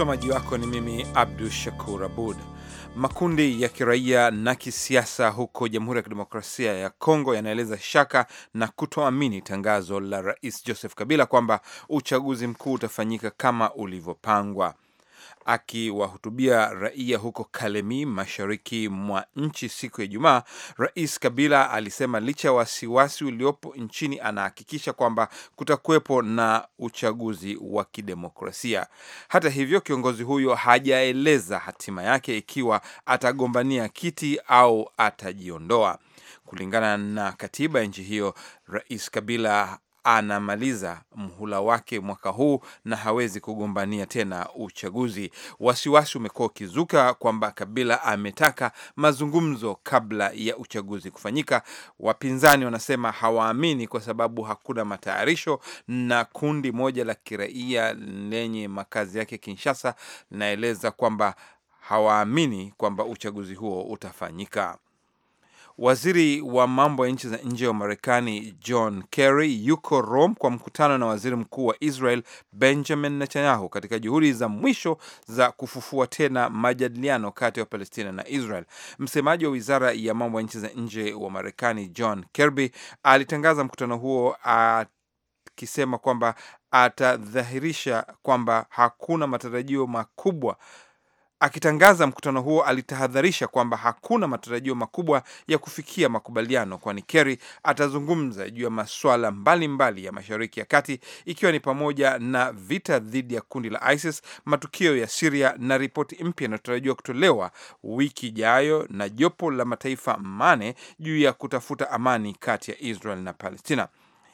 Msomaji wako ni mimi Abdu Shakur Abud. Makundi ya kiraia na kisiasa huko Jamhuri ya Kidemokrasia ya Kongo yanaeleza shaka na kutoamini tangazo la Rais Joseph Kabila kwamba uchaguzi mkuu utafanyika kama ulivyopangwa. Akiwahutubia raia huko Kalemi, mashariki mwa nchi siku ya Ijumaa, Rais Kabila alisema licha ya wasiwasi uliopo nchini, anahakikisha kwamba kutakuwepo na uchaguzi wa kidemokrasia. Hata hivyo, kiongozi huyo hajaeleza hatima yake ikiwa atagombania kiti au atajiondoa. Kulingana na katiba ya nchi hiyo, Rais Kabila anamaliza mhula wake mwaka huu na hawezi kugombania tena uchaguzi. Wasiwasi umekuwa ukizuka kwamba Kabila ametaka mazungumzo kabla ya uchaguzi kufanyika. Wapinzani wanasema hawaamini kwa sababu hakuna matayarisho, na kundi moja la kiraia lenye makazi yake Kinshasa linaeleza kwamba hawaamini kwamba uchaguzi huo utafanyika. Waziri wa mambo ya nchi za nje wa Marekani John Kerry yuko Rome kwa mkutano na waziri mkuu wa Israel Benjamin Netanyahu katika juhudi za mwisho za kufufua tena majadiliano kati ya Palestina na Israel. Msemaji wa wizara ya mambo ya nchi za nje wa Marekani John Kirby alitangaza mkutano huo akisema kwamba atadhahirisha kwamba hakuna matarajio makubwa Akitangaza mkutano huo alitahadharisha kwamba hakuna matarajio makubwa ya kufikia makubaliano, kwani Kerry atazungumza juu ya masuala mbalimbali ya Mashariki ya Kati, ikiwa ni pamoja na vita dhidi ya kundi la ISIS, matukio ya Siria na ripoti mpya inayotarajiwa kutolewa wiki ijayo na jopo la mataifa mane juu ya kutafuta amani kati ya Israel na Palestina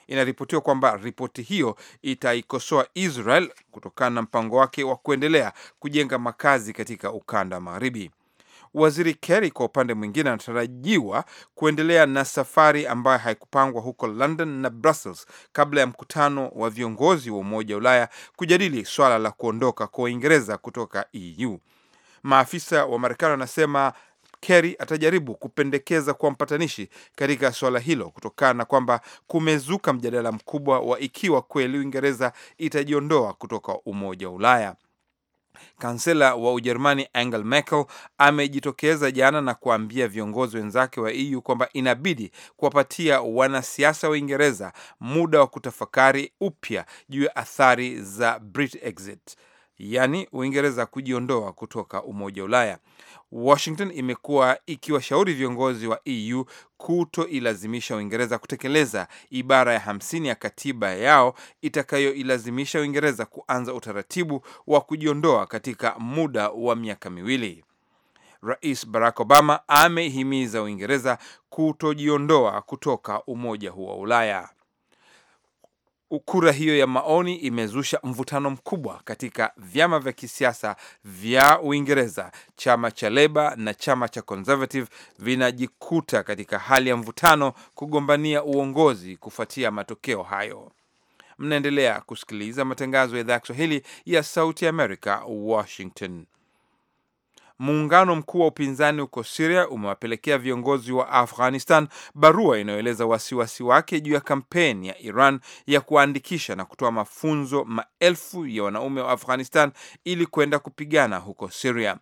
inaripotiwa kwamba ripoti hiyo itaikosoa Israel kutokana na mpango wake wa kuendelea kujenga makazi katika ukanda magharibi. Waziri Kerry kwa upande mwingine anatarajiwa kuendelea na safari ambayo haikupangwa huko London na Brussels kabla ya mkutano wa viongozi wa Umoja wa Ulaya kujadili swala la kuondoka kwa Uingereza kutoka EU. Maafisa wa Marekani wanasema Kerry atajaribu kupendekeza kuwa mpatanishi katika suala hilo kutokana na kwamba kumezuka mjadala mkubwa wa ikiwa kweli Uingereza itajiondoa kutoka Umoja wa Ulaya. Kansela wa Ujerumani Angela Merkel amejitokeza jana na kuambia viongozi wenzake wa EU kwamba inabidi kuwapatia wanasiasa wa Uingereza muda wa kutafakari upya juu ya athari za Brexit, yaani Uingereza kujiondoa kutoka Umoja wa Ulaya. Washington imekuwa ikiwashauri viongozi wa EU kutoilazimisha Uingereza kutekeleza ibara ya hamsini ya katiba yao itakayoilazimisha Uingereza kuanza utaratibu wa kujiondoa katika muda wa miaka miwili. Rais Barack Obama amehimiza Uingereza kutojiondoa kutoka umoja huo wa Ulaya. Kura hiyo ya maoni imezusha mvutano mkubwa katika vyama vya kisiasa vya Uingereza. Chama cha Leba na chama cha Conservative vinajikuta katika hali ya mvutano kugombania uongozi kufuatia matokeo hayo. Mnaendelea kusikiliza matangazo ya idhaa ya Kiswahili ya Sauti ya Amerika, Washington muungano mkuu wa upinzani huko Siria umewapelekea viongozi wa Afghanistan barua inayoeleza wasiwasi wake juu ya kampeni ya Iran ya kuwaandikisha na kutoa mafunzo maelfu ya wanaume wa Afghanistan ili kwenda kupigana huko Siria.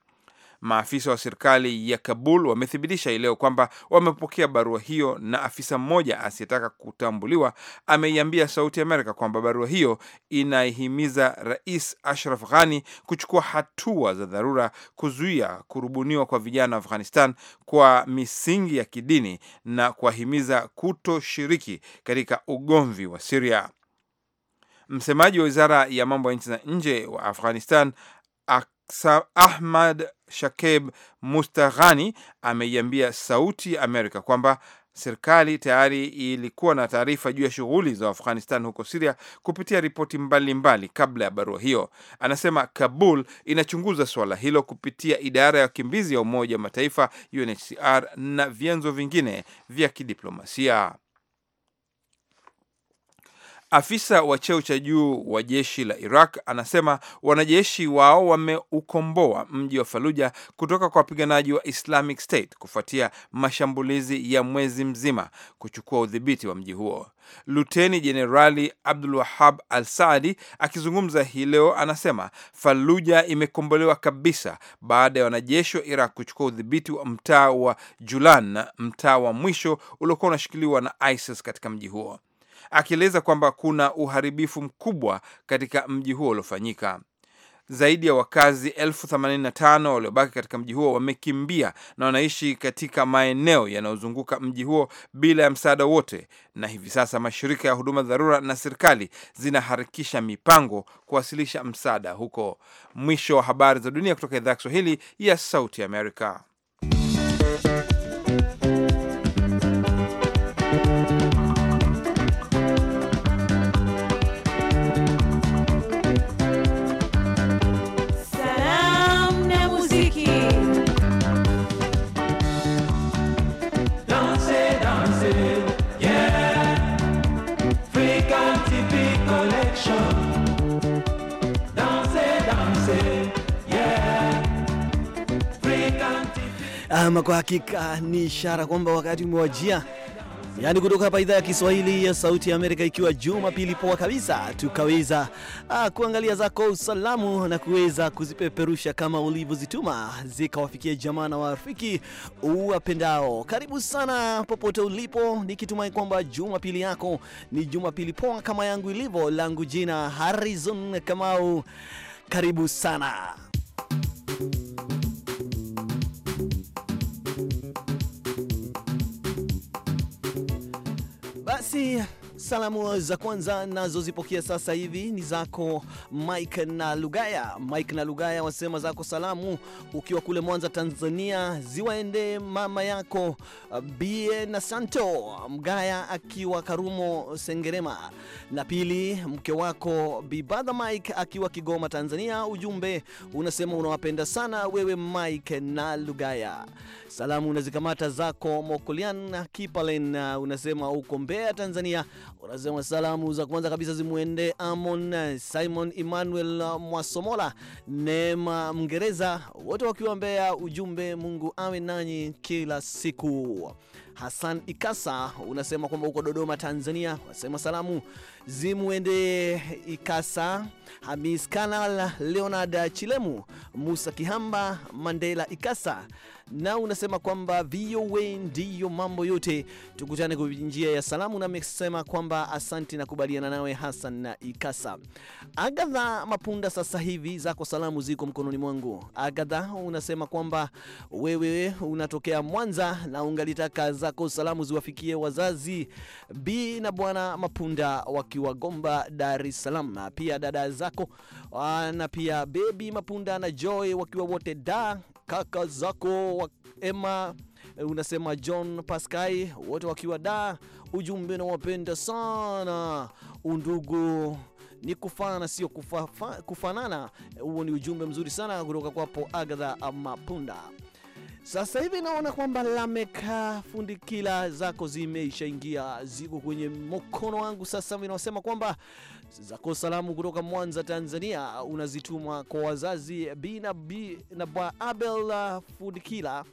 Maafisa wa serikali ya Kabul wamethibitisha hii leo kwamba wamepokea barua hiyo, na afisa mmoja asiyetaka kutambuliwa ameiambia Sauti Amerika kwamba barua hiyo inaihimiza Rais Ashraf Ghani kuchukua hatua za dharura kuzuia kurubuniwa kwa vijana wa Afghanistan kwa misingi ya kidini na kuwahimiza kutoshiriki katika ugomvi wa Siria. Msemaji wa wizara ya mambo ya nchi za nje wa Afghanistan Ahmad Shakeb Mustaghani ameiambia Sauti ya Amerika kwamba serikali tayari ilikuwa na taarifa juu ya shughuli za Afghanistan huko Siria kupitia ripoti mbalimbali kabla ya barua hiyo. Anasema Kabul inachunguza suala hilo kupitia idara ya wakimbizi ya Umoja wa Mataifa, UNHCR, na vyanzo vingine vya kidiplomasia. Afisa wa cheo cha juu wa jeshi la Iraq anasema wanajeshi wao wameukomboa mji wa Faluja kutoka kwa wapiganaji wa Islamic State kufuatia mashambulizi ya mwezi mzima kuchukua udhibiti wa mji huo. Luteni Jenerali Abdul Wahab Al Saadi akizungumza hii leo anasema Faluja imekombolewa kabisa baada ya wanajeshi wa Iraq kuchukua udhibiti wa mtaa wa Julan, mtaa wa mwisho uliokuwa unashikiliwa na ISIS katika mji huo akieleza kwamba kuna uharibifu mkubwa katika mji huo uliofanyika. Zaidi ya wakazi elfu themanini na tano waliobaki katika mji huo wamekimbia na wanaishi katika maeneo yanayozunguka mji huo bila ya msaada wote, na hivi sasa mashirika ya huduma dharura na serikali zinaharakisha mipango kuwasilisha msaada huko. Mwisho wa habari za dunia kutoka idhaa ya Kiswahili ya Sauti Amerika. Ama kwa hakika ni ishara kwamba wakati umewajia, yaani kutoka hapa idhaa ya Kiswahili ya Sauti ya Amerika, ikiwa Jumapili poa kabisa, tukaweza ah, kuangalia zako usalamu na kuweza kuzipeperusha kama ulivyozituma zikawafikia jamaa na warafiki uwapendao. Karibu sana popote ulipo, nikitumai kwamba Jumapili yako ni Jumapili poa kama yangu ilivyo. Langu jina Harrison Kamau, karibu sana. Let's see Salamu za kwanza nazozipokea sasa hivi ni zako Mike na Lugaya. Mike na Lugaya wasema zako salamu ukiwa kule Mwanza, Tanzania, ziwaende mama yako uh, Bie na Santo Mgaya akiwa Karumo Sengerema, na pili mke wako Bibadha Mike akiwa Kigoma, Tanzania. Ujumbe unasema unawapenda sana wewe Mike na Lugaya. Salamu unazikamata zako Mokulian Kipalen, uh, unasema uko Mbeya, Tanzania unasema salamu za kwanza kabisa zimwende Amon Simon Emmanuel Mwasomola, Neema Mngereza, wote wakiwa Mbeya. Ujumbe, Mungu awe nanyi kila siku. Hassan Ikasa unasema kwamba uko Dodoma, Tanzania, unasema salamu Zimwende Ikasa, Hamis Kanal, Leonard Chilemu, Musa Kihamba, Mandela Ikasa, na unasema kwamba VOA ndiyo mambo yote. Tukutane kwa njia ya salamu, na kwamba asanti, na kubaliana nawe Hassan na Ikasa. Agadha Mapunda, sasa hivi zako salamu ziko mkononi mwangu. Agadha, unasema kwamba wewe unatokea Mwanza na ungalitaka zako salamu ziwafikie wazazi B na Bwana Mapunda wa ukiwa Gomba, Dar es Salaam, pia dada zako ah, na pia Bebi Mapunda na Joy wakiwa wote da, kaka zako Emma unasema John Pascal wote wakiwa da. Ujumbe nawapenda sana undugu ni kufana sio kufa, kufanana. Huo ni ujumbe mzuri sana kutoka kwapo Agatha Mapunda. Sasa hivi naona kwamba lameka fundikila zako zimeishaingia, ziko kwenye mkono wangu sasa hivi. Nasema kwamba zako salamu kutoka Mwanza, Tanzania, unazituma kwa wazazi na B na Bwa Abel uh, Fundikila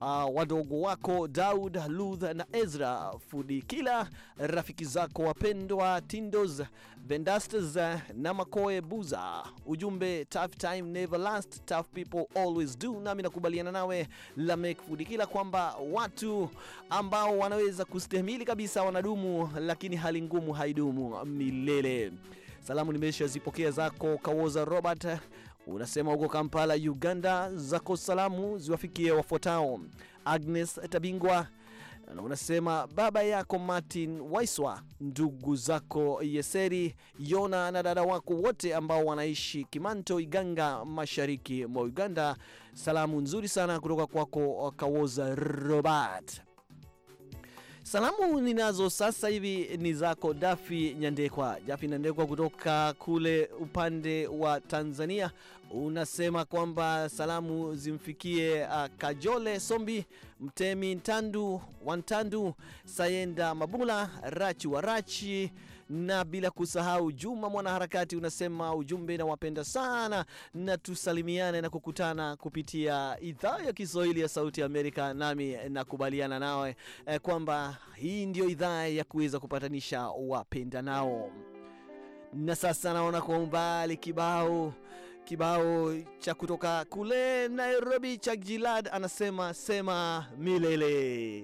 uh, wadogo wako Daud, luth na Ezra Fudikila, rafiki zako wapendwa Tindos, Vendastes na Makoe Buza. Ujumbe tough time never last, tough people always do. Nami nakubaliana nawe Lamek Fudikila kwamba watu ambao wanaweza kustahimili kabisa wanadumu, lakini hali ngumu haidumu milele. Salamu nimesha zipokea zako Kawoza Robert unasema huko Kampala, Uganda, zako salamu ziwafikie wafuatao: Agnes Tabingwa, na unasema baba yako Martin Waiswa, ndugu zako Yeseri Yona na dada wako wote ambao wanaishi Kimanto, Iganga, mashariki mwa Uganda. Salamu nzuri sana kutoka kwako Kawoza Robert. Salamu ninazo sasa hivi ni zako Dafi Nyandekwa. Dafi Nyandekwa kutoka kule upande wa Tanzania, unasema kwamba salamu zimfikie uh, Kajole Sombi, Mtemi Ntandu, Wantandu, Sayenda Mabula, Rachi Warachi na bila kusahau Juma mwanaharakati unasema ujumbe, nawapenda sana na tusalimiane na kukutana kupitia idhaa ya Kiswahili ya Sauti ya Amerika. Nami nakubaliana nawe eh, kwamba hii ndiyo idhaa ya kuweza kupatanisha wapenda nao Na sasa naona kwa umbali kibao kibao cha kutoka kule Nairobi cha Gilad anasema sema milele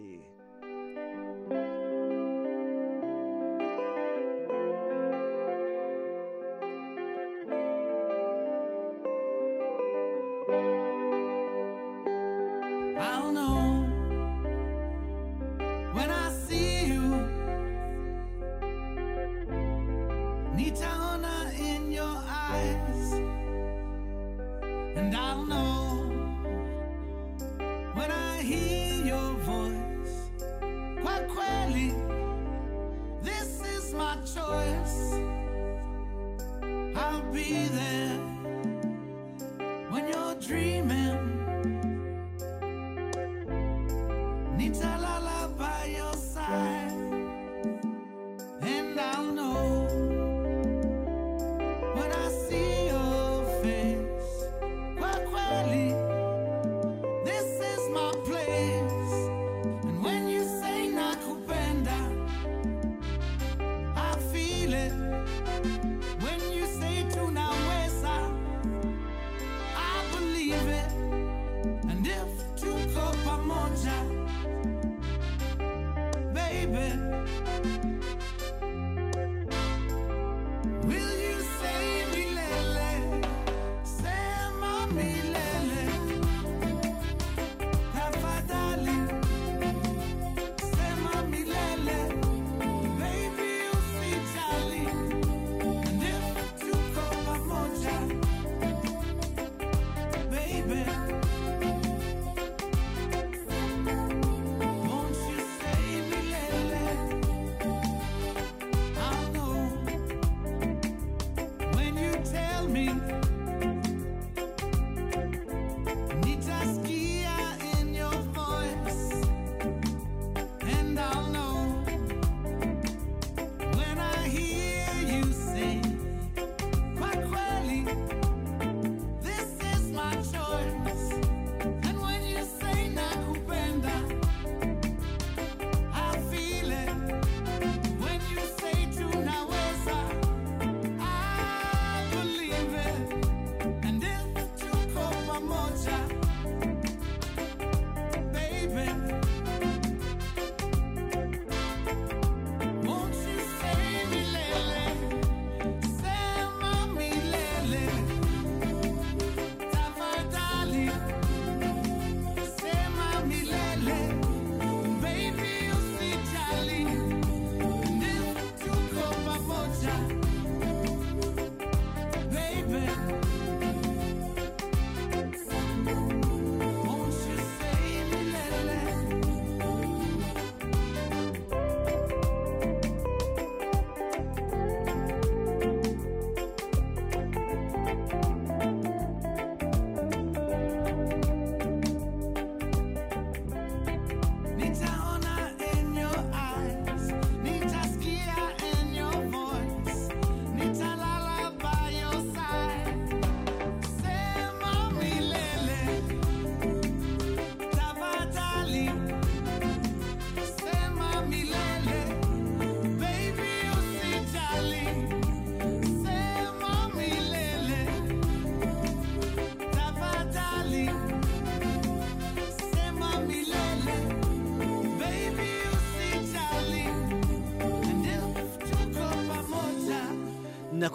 baby.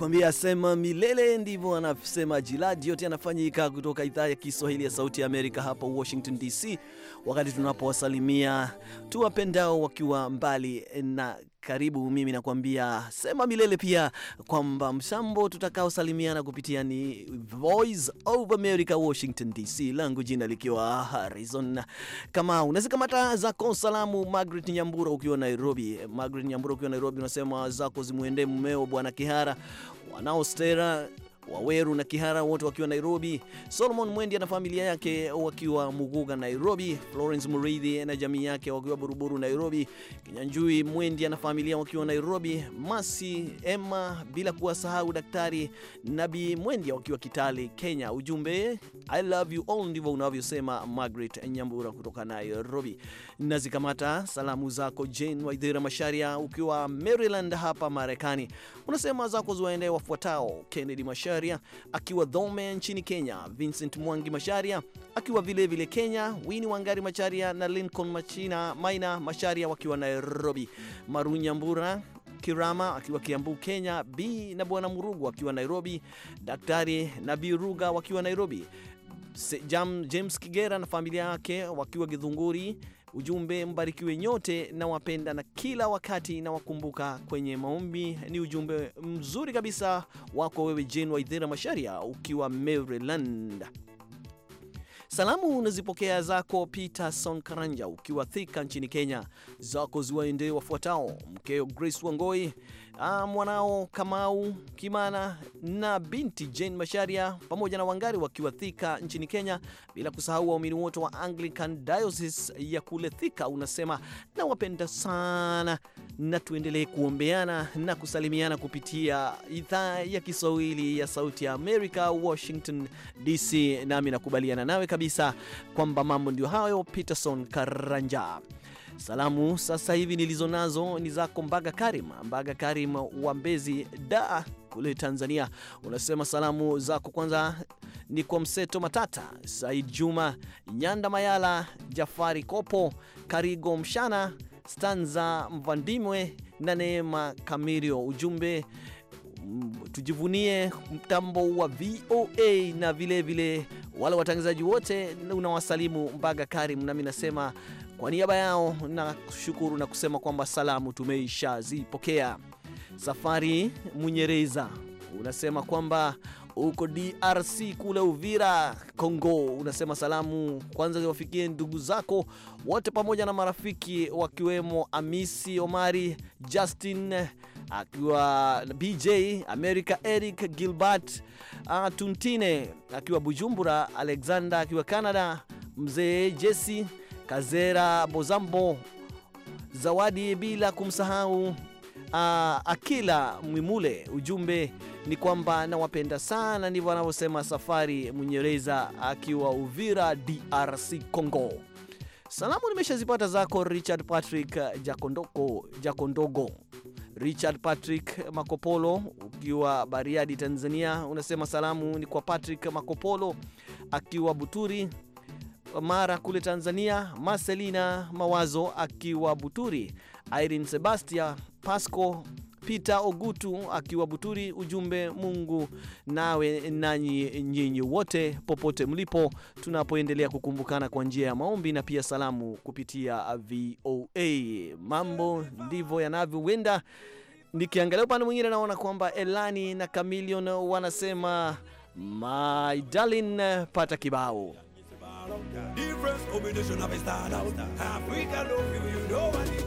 anakuambia asema milele, ndivyo anasema Jilad yote anafanyika, kutoka idhaa ya Kiswahili ya Sauti ya Amerika hapa Washington DC wakati tunapowasalimia tuwapendao wakiwa mbali na karibu. Mimi nakuambia sema milele pia kwamba msambo tutakaosalimiana kupitia ni Voice of America, Washington DC, langu jina likiwa Harrison kama unazikamata zako salamu. Margaret Nyambura ukiwa Nairobi, Margaret Nyambura ukiwa Nairobi unasema zako zimwendee mmeo Bwana Kihara, wanao Stera Waweru na Kihara wote wakiwa Nairobi, Solomon Mwendi na familia yake wakiwa Muguga Nairobi, Florence Muridhi na jamii yake wakiwa Buruburu Nairobi, Kinyanjui Mwendi na familia wakiwa Nairobi, Masi Emma, bila kuwasahau Daktari Nabi Mwendi wakiwa Kitale, Kenya. Ujumbe I love you all, ndivyo unavyosema Margaret Nyambura kutoka Nairobi. Na zikamata salamu zako Jane Waithira Masharia ukiwa Maryland hapa Marekani, unasema zako ziwaendee wafuatao: Kennedy Masharia Masharia akiwa dhome nchini Kenya, Vincent Mwangi Masharia akiwa vilevile vile Kenya, Wini Wangari Macharia na Lincoln Machina Maina masharia wakiwa Nairobi, Marunyambura Kirama akiwa Kiambu, Kenya, B na Bwana Murugu akiwa Nairobi, Daktari Nabiruga wakiwa Nairobi, James Kigera na familia yake wakiwa Githunguri Ujumbe mbarikiwe nyote na wapenda na kila wakati na wakumbuka kwenye maombi. Ni ujumbe mzuri kabisa wako wewe Jane Waithera Masharia ukiwa Maryland. Salamu unazipokea zako Peterson Karanja ukiwa Thika nchini Kenya. Zako ziwaendee wafuatao: mkeo Grace Wangoi, uh, mwanao Kamau Kimana na binti Jane Masharia pamoja na Wangari wakiwa Thika nchini Kenya, bila kusahau waumini wote wa Anglican Diocese ya kule Thika. Unasema nawapenda sana na tuendelee kuombeana na kusalimiana kupitia idhaa ya Kiswahili ya Sauti ya Amerika, Washington DC. Nami nakubaliana nawe kabisa kwamba mambo ndio hayo. Peterson Karanja Salamu sasa hivi nilizo nazo ni zako Mbaga Karim, Mbaga Karim wa Mbezi da kule Tanzania. Unasema salamu zako kwanza ni kwa Mseto Matata, Said Juma, Nyanda Mayala, Jafari Kopo, Karigo Mshana, Stanza Mvandimwe na Neema Kamirio. Ujumbe tujivunie mtambo wa VOA na vilevile vile wale watangazaji wote unawasalimu Mbaga Karim, nami nasema kwa niaba yao nashukuru na kusema kwamba salamu tumeishazipokea. Safari Munyereza unasema kwamba uko DRC kule Uvira, Kongo. Unasema salamu kwanza ziwafikie ndugu zako wote pamoja na marafiki wakiwemo Amisi Omari, Justin akiwa BJ America, Eric Gilbert ah, Tuntine akiwa Bujumbura, Alexander akiwa Canada, mzee Jesse Kazera Bozambo, Zawadi, bila kumsahau uh, Akila Mwimule. Ujumbe ni kwamba nawapenda sana, ndivyo anavyosema Safari mnyereza akiwa Uvira, DRC Congo. Salamu nimeshazipata zako Richard Patrick Jakondoko, Jakondogo Richard Patrick Makopolo ukiwa Bariadi Tanzania, unasema salamu ni kwa Patrick Makopolo akiwa Buturi mara kule Tanzania, Marcelina Mawazo akiwa Buturi, Irene Sebastia Pasco Peter Ogutu akiwa Buturi. Ujumbe Mungu nawe nanyi nyinyi wote popote mlipo, tunapoendelea kukumbukana kwa njia ya maombi na pia salamu kupitia VOA. Mambo ndivyo yanavyowenda. Nikiangalia upande mwingine, naona kwamba Elani na Kamilion wanasema my darling, pata kibao Different combination of a star out. Africa love you, you know what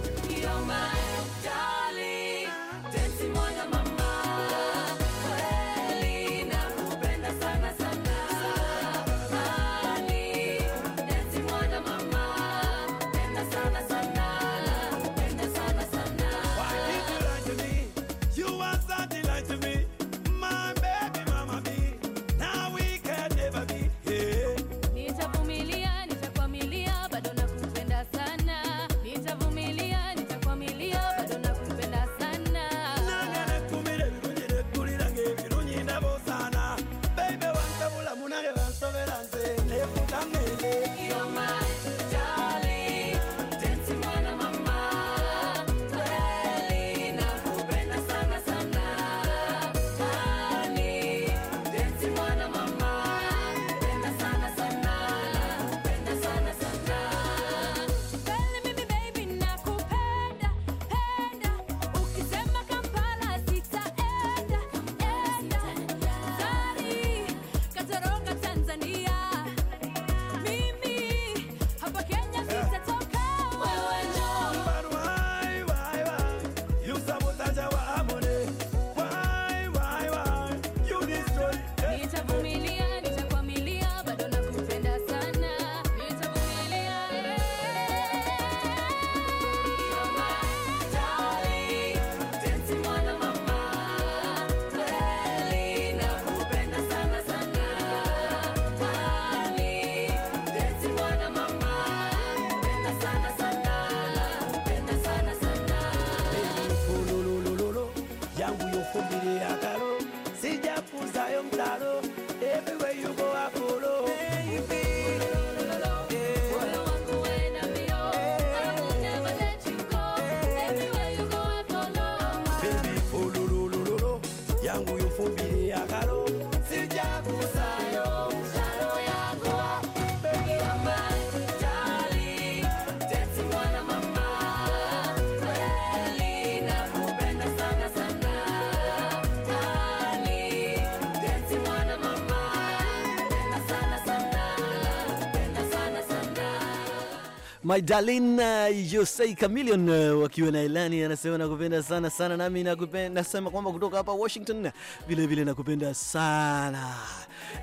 My darling uh, you say chameleon uh, wakiwa na Elani anasema nakupenda sana sana, nami nakupenda, nasema kwamba kutoka hapa Washington vile vile nakupenda sana.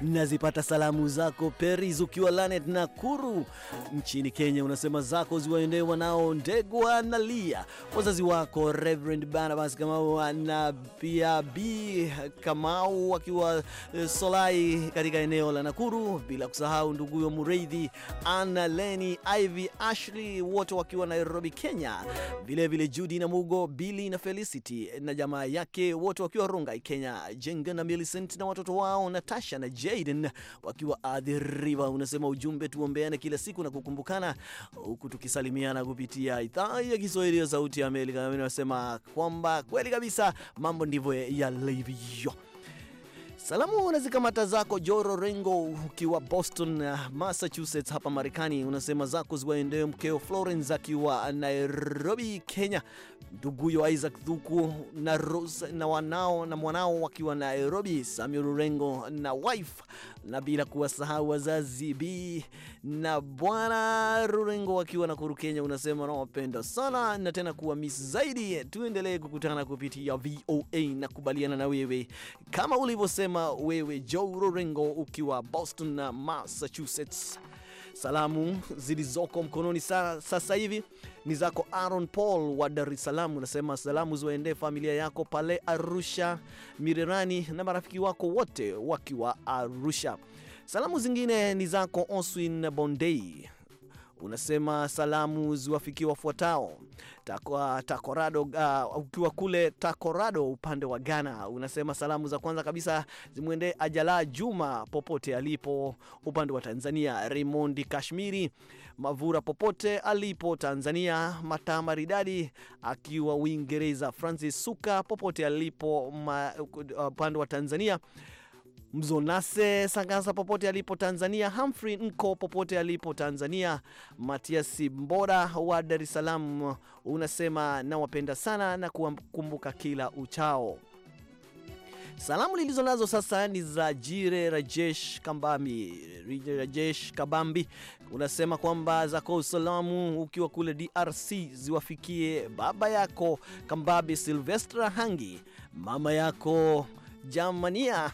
Nazipata salamu zako Peris ukiwa Lanet Nakuru nchini Kenya, unasema zako ziwaendee wanao Ndegwa na Lia, wazazi wako Reverend Barnabas Kamau na pia B Kamau wakiwa uh, Solai katika eneo la Nakuru, bila kusahau nduguyo Mureithi, Ana Leni, Ivy Ashley wote wakiwa Nairobi, Kenya, vilevile Judy na Mugo, Billy na Felicity na jamaa yake wote wakiwa Rongai, Kenya, Jenga na Millicent na watoto wao Natasha na Jaden wakiwa River. Unasema ujumbe tuombeane kila siku na kukumbukana, huku tukisalimiana kupitia idhaa ya Kiswahili ya Sauti ya Amerika. Nasema kwamba kweli kabisa mambo ndivyo yalivyo. Salamu unazikamata zako Joro Rengo ukiwa Boston, Massachusetts hapa Marekani. Unasema zako ziwaendee mkeo Florence akiwa Nairobi, Kenya, nduguyo Isaac Thuku na Rose na wanao na mwanao wakiwa Nairobi, Samuel Rengo na wife, na bila kuwasahau wazazi B na Bwana Rurengo wakiwa Nakuru, Kenya. Unasema nawapenda sana na tena kuwa miss zaidi. Tuendelee kukutana kupitia VOA na kubaliana na wewe kama ulivyosema njema wewe Joe Rorengo ukiwa Boston na Massachusetts. Salamu zilizoko mkononi sa, sasa hivi ni zako Aaron Paul wa Dar es Salaam. Unasema salamu ziwaendee familia yako pale Arusha, Mirerani na marafiki wako wote wakiwa Arusha. Salamu zingine ni zako Oswin Bondei unasema salamu ziwafikie wafuatao Takorado, uh, ukiwa kule Takorado upande wa Ghana, unasema salamu za kwanza kabisa zimwende Ajala Juma popote alipo upande wa Tanzania, Raymond Kashmiri Mavura popote alipo Tanzania, Mataa Maridadi akiwa Uingereza, Francis Suka popote alipo uh, upande wa Tanzania Mzonase Sangasa popote alipo Tanzania, Humphrey Nko popote alipo Tanzania, Matiasi Mbora wa Dar es Salaam unasema nawapenda sana na kuwakumbuka kila uchao. Salamu lilizo nazo sasa ni za Jire Rajesh Kambami. Jire Rajesh Kabambi unasema kwamba zako usalamu ukiwa kule DRC ziwafikie baba yako Kambabi Silvestra Hangi, mama yako Jamania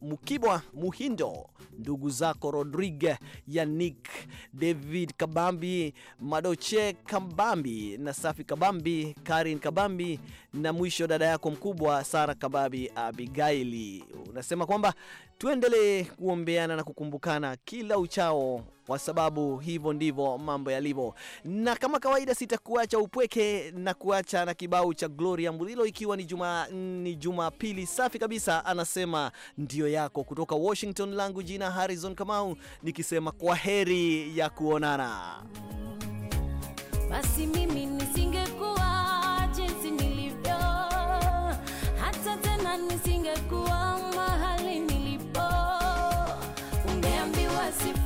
Mukibwa Muhindo, ndugu zako Rodrigue, Yannick, David Kabambi, Madoche Kabambi na Safi Kabambi, Karin Kabambi na mwisho dada yako mkubwa Sara Kabambi Abigaili. Unasema kwamba Tuendelee kuombeana na kukumbukana kila uchao, kwa sababu hivyo ndivyo mambo yalivyo. Na kama kawaida, sitakuacha upweke na kuacha na kibao cha Gloria mbulilo ikiwa ni juma ni Jumapili safi kabisa, anasema ndio yako. Kutoka Washington, langu jina Harrison Kamau, nikisema kwa heri ya kuonana. Basi mimi nisingekuwa jinsi nilivyo, hata tena nisingekuwa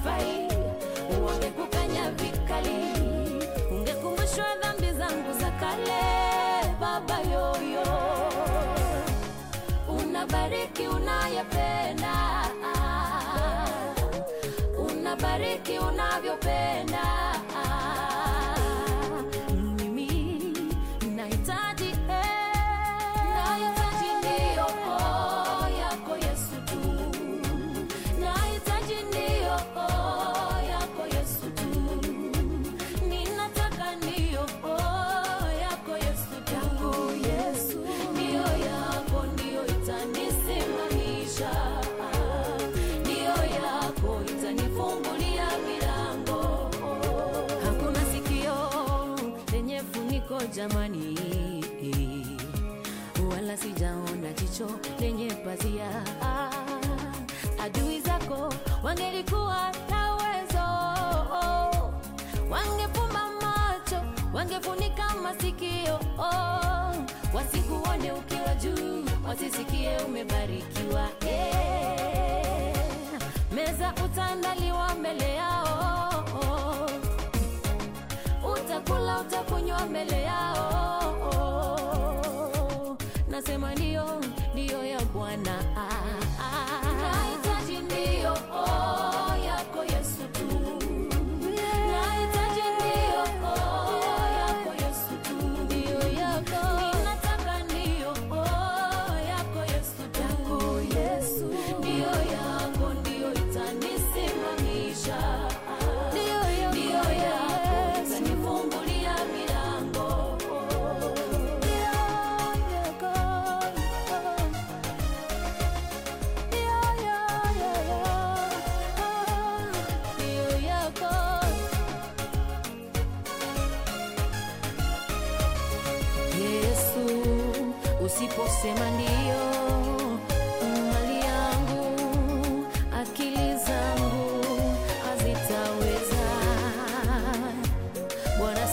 fight. nasema ndio, ndio ya Bwana ah, ah. ah.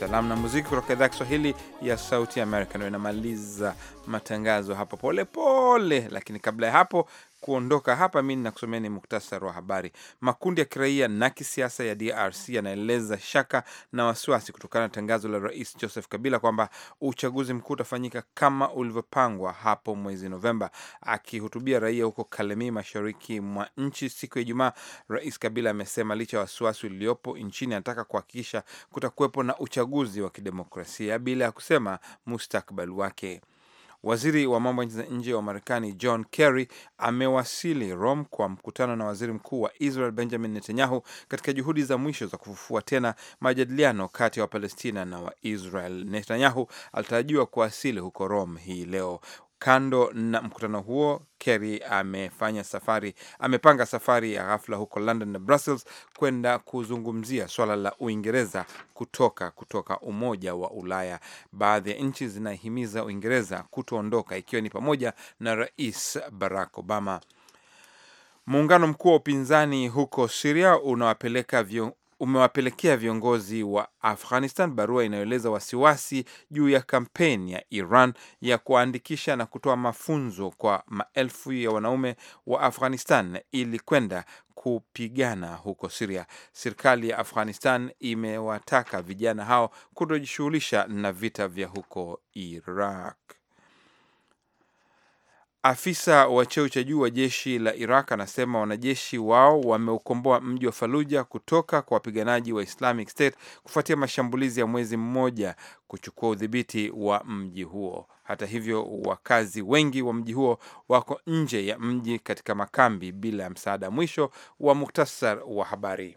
salamu na muziki kutoka idhaa ya Kiswahili ya Sauti Amerika ndio inamaliza matangazo hapo polepole pole. Lakini kabla ya hapo kuondoka hapa, mi nakusomea ni muktasari wa habari. Makundi ya kiraia na kisiasa ya DRC yanaeleza shaka na wasiwasi kutokana na tangazo la Rais Joseph Kabila kwamba uchaguzi mkuu utafanyika kama ulivyopangwa hapo mwezi Novemba. Akihutubia raia huko Kalemi, mashariki mwa nchi, siku ya Ijumaa, Rais Kabila amesema licha ya wasiwasi uliopo nchini, anataka kuhakikisha kutakuwepo na uchaguzi uchaguzi wa kidemokrasia bila ya kusema mustakbali wake. Waziri wa mambo za nje wa Marekani John Kerry amewasili Rome kwa mkutano na waziri mkuu wa Israel Benjamin Netanyahu katika juhudi za mwisho za kufufua tena majadiliano kati ya wa Wapalestina na Waisrael. Netanyahu alitarajiwa kuwasili huko Rome hii leo. Kando na mkutano huo, Kerry amefanya safari, amepanga safari ya ghafla huko London na Brussels kwenda kuzungumzia swala la Uingereza kutoka kutoka Umoja wa Ulaya. Baadhi ya nchi zinahimiza Uingereza kutoondoka, ikiwa ni pamoja na Rais Barack Obama. Muungano mkuu wa upinzani huko Siria unawapeleka umewapelekea viongozi wa Afghanistan barua inayoeleza wasiwasi juu ya kampeni ya Iran ya kuandikisha na kutoa mafunzo kwa maelfu ya wanaume wa Afghanistan ili kwenda kupigana huko Siria. Serikali ya Afghanistan imewataka vijana hao kutojishughulisha na vita vya huko Iraq. Afisa wa cheo cha juu wa jeshi la Iraq anasema wanajeshi wao wameukomboa mji wa Faluja kutoka kwa wapiganaji wa Islamic State kufuatia mashambulizi ya mwezi mmoja kuchukua udhibiti wa mji huo. Hata hivyo, wakazi wengi wa mji huo wako nje ya mji katika makambi bila ya msaada. Mwisho wa muktasar wa habari.